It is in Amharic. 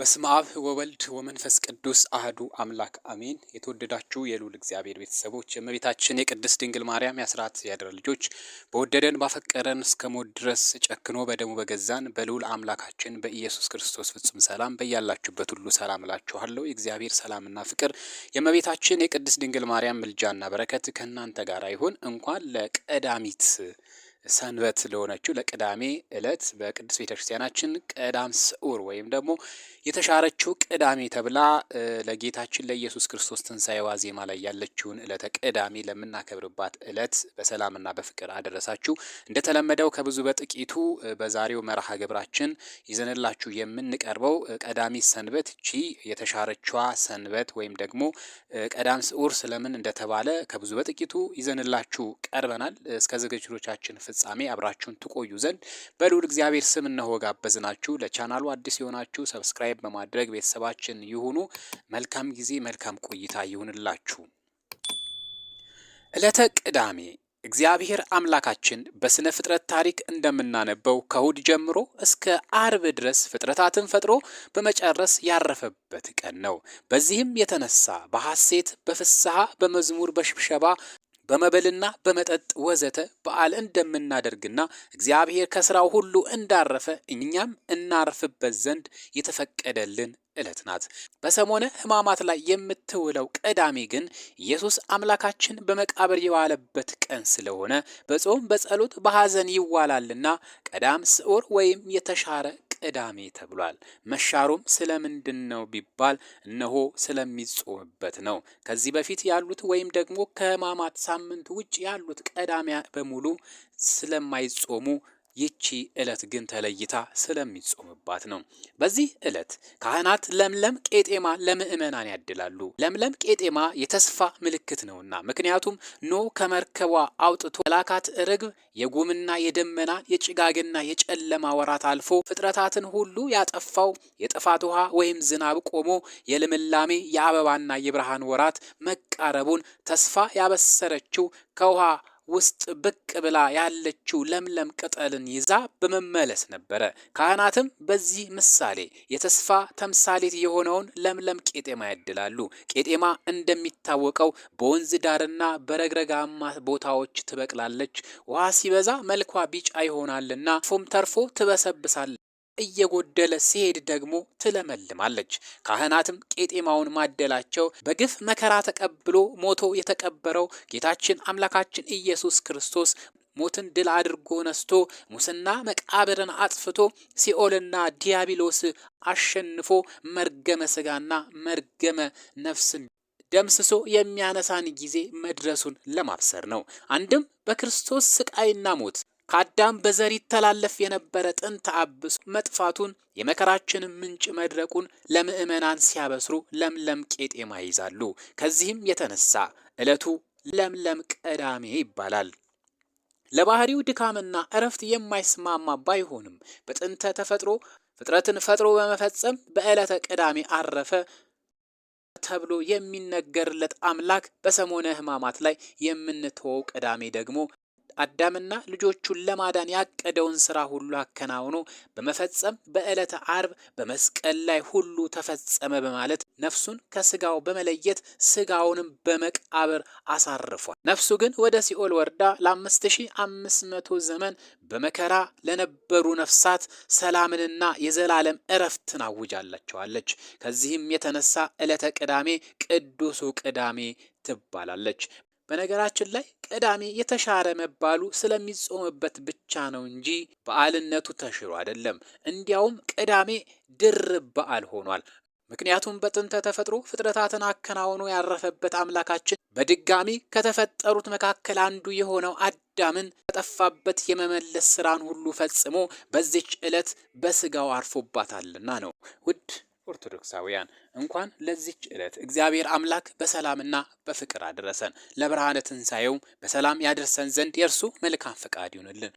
በስመ አብ ወወልድ ወመንፈስ ቅዱስ አህዱ አምላክ አሜን። የተወደዳችሁ የልዑል እግዚአብሔር ቤተሰቦች የእመቤታችን የቅድስት ድንግል ማርያም የአስራት ያደረ ልጆች በወደደን ባፈቀረን እስከ ሞት ድረስ ጨክኖ በደሙ በገዛን በልዑል አምላካችን በኢየሱስ ክርስቶስ ፍጹም ሰላም በያላችሁበት ሁሉ ሰላም እላችኋለሁ። የእግዚአብሔር ሰላምና ፍቅር የእመቤታችን የቅድስት ድንግል ማርያም ምልጃና በረከት ከእናንተ ጋር ይሁን። እንኳን ለቀዳሚት ሰንበት ለሆነችው ለቅዳሜ ዕለት በቅዱስ ቤተክርስቲያናችን ቀዳም ስዑር ወይም ደግሞ የተሻረችው ቅዳሜ ተብላ ለጌታችን ለኢየሱስ ክርስቶስ ትንሣኤ ዋዜማ ላይ ያለችውን ዕለተ ቅዳሜ ለምናከብርባት ዕለት በሰላምና በፍቅር አደረሳችሁ። እንደተለመደው ከብዙ በጥቂቱ በዛሬው መርሃ ግብራችን ይዘንላችሁ የምንቀርበው ቀዳሚ ሰንበት ቺ የተሻረችዋ ሰንበት ወይም ደግሞ ቀዳም ስዑር ስለምን እንደተባለ ከብዙ በጥቂቱ ይዘንላችሁ ቀርበናል። እስከ ዝግጅቶቻችን ፍጻሜ አብራችሁን ትቆዩ ዘንድ በልዑል እግዚአብሔር ስም እነሆ ጋበዝናችሁ። ለቻናሉ አዲስ የሆናችሁ ሰብስክራይብ በማድረግ ቤተሰባችን ይሁኑ። መልካም ጊዜ፣ መልካም ቆይታ ይሁንላችሁ። ዕለተ ቅዳሜ እግዚአብሔር አምላካችን በሥነ ፍጥረት ታሪክ እንደምናነበው ከእሁድ ጀምሮ እስከ አርብ ድረስ ፍጥረታትን ፈጥሮ በመጨረስ ያረፈበት ቀን ነው። በዚህም የተነሳ በሐሴት በፍስሐ በመዝሙር በሽብሸባ በመብልና በመጠጥ ወዘተ በዓል እንደምናደርግና እግዚአብሔር ከስራው ሁሉ እንዳረፈ እኛም እናርፍበት ዘንድ የተፈቀደልን ዕለት ናት። በሰሞነ ሕማማት ላይ የምትውለው ቀዳሜ ግን ኢየሱስ አምላካችን በመቃብር የዋለበት ቀን ስለሆነ በጾም በጸሎት በሐዘን ይዋላልና ቀዳም ስዑር ወይም የተሻረ ቅዳሜ ተብሏል። መሻሩም ስለምንድን ነው ቢባል እነሆ ስለሚጾምበት ነው። ከዚህ በፊት ያሉት ወይም ደግሞ ከሕማማት ሳምንት ውጭ ያሉት ቀዳሚያ በሙሉ ስለማይጾሙ ይቺ ዕለት ግን ተለይታ ስለሚጾምባት ነው። በዚህ ዕለት ካህናት ለምለም ቄጤማ ለምእመናን ያድላሉ። ለምለም ቄጤማ የተስፋ ምልክት ነውና፣ ምክንያቱም ኖ ከመርከቧ አውጥቶ መላካት ርግብ የጉምና የደመና የጭጋግና የጨለማ ወራት አልፎ ፍጥረታትን ሁሉ ያጠፋው የጥፋት ውሃ ወይም ዝናብ ቆሞ የልምላሜ የአበባና የብርሃን ወራት መቃረቡን ተስፋ ያበሰረችው ከውሃ ውስጥ ብቅ ብላ ያለችው ለምለም ቅጠልን ይዛ በመመለስ ነበረ። ካህናትም በዚህ ምሳሌ የተስፋ ተምሳሌት የሆነውን ለምለም ቄጤማ ያድላሉ። ቄጤማ እንደሚታወቀው በወንዝ ዳርና በረግረጋማ ቦታዎች ትበቅላለች። ውሃ ሲበዛ መልኳ ቢጫ ይሆናልና ፎም ተርፎ ትበሰብሳለች። እየጎደለ ሲሄድ ደግሞ ትለመልማለች። ካህናትም ቄጤማውን ማደላቸው በግፍ መከራ ተቀብሎ ሞቶ የተቀበረው ጌታችን አምላካችን ኢየሱስ ክርስቶስ ሞትን ድል አድርጎ ነስቶ ሙስና መቃብርን አጥፍቶ ሲኦልና ዲያብሎስ አሸንፎ መርገመ ስጋና መርገመ ነፍስን ደምስሶ የሚያነሳን ጊዜ መድረሱን ለማብሰር ነው። አንድም በክርስቶስ ስቃይና ሞት ከአዳም በዘር ይተላለፍ የነበረ ጥንት አብሶ መጥፋቱን የመከራችን ምንጭ መድረቁን ለምእመናን ሲያበስሩ ለምለም ቄጤማ ይይዛሉ። ከዚህም የተነሳ ዕለቱ ለምለም ቅዳሜ ይባላል። ለባህሪው ድካምና እረፍት የማይስማማ ባይሆንም በጥንተ ተፈጥሮ ፍጥረትን ፈጥሮ በመፈጸም በዕለተ ቅዳሜ አረፈ ተብሎ የሚነገርለት አምላክ በሰሞነ ሕማማት ላይ የምንተወው ቅዳሜ ደግሞ አዳምና ልጆቹን ለማዳን ያቀደውን ስራ ሁሉ አከናውኖ በመፈጸም በዕለተ አርብ በመስቀል ላይ ሁሉ ተፈጸመ በማለት ነፍሱን ከስጋው በመለየት ስጋውንም በመቃብር አሳርፏል። ነፍሱ ግን ወደ ሲኦል ወርዳ ለ 5500 ዘመን በመከራ ለነበሩ ነፍሳት ሰላምንና የዘላለም እረፍትን አውጃላቸዋለች። ከዚህም የተነሳ ዕለተ ቅዳሜ ቅዱሱ ቅዳሜ ትባላለች። በነገራችን ላይ ቅዳሜ የተሻረ መባሉ ስለሚጾምበት ብቻ ነው እንጂ በዓልነቱ ተሽሮ አይደለም። እንዲያውም ቅዳሜ ድርብ በዓል ሆኗል። ምክንያቱም በጥንተ ተፈጥሮ ፍጥረታትን አከናውኖ ያረፈበት አምላካችን በድጋሚ ከተፈጠሩት መካከል አንዱ የሆነው አዳምን ከጠፋበት የመመለስ ስራን ሁሉ ፈጽሞ በዚች ዕለት በስጋው አርፎባታልና ነው ውድ ኦርቶዶክሳውያን እንኳን ለዚች ዕለት እግዚአብሔር አምላክ በሰላምና በፍቅር አደረሰን። ለብርሃነ ትንሣኤውም በሰላም ያደርሰን ዘንድ የእርሱ መልካም ፈቃድ ይሁንልን።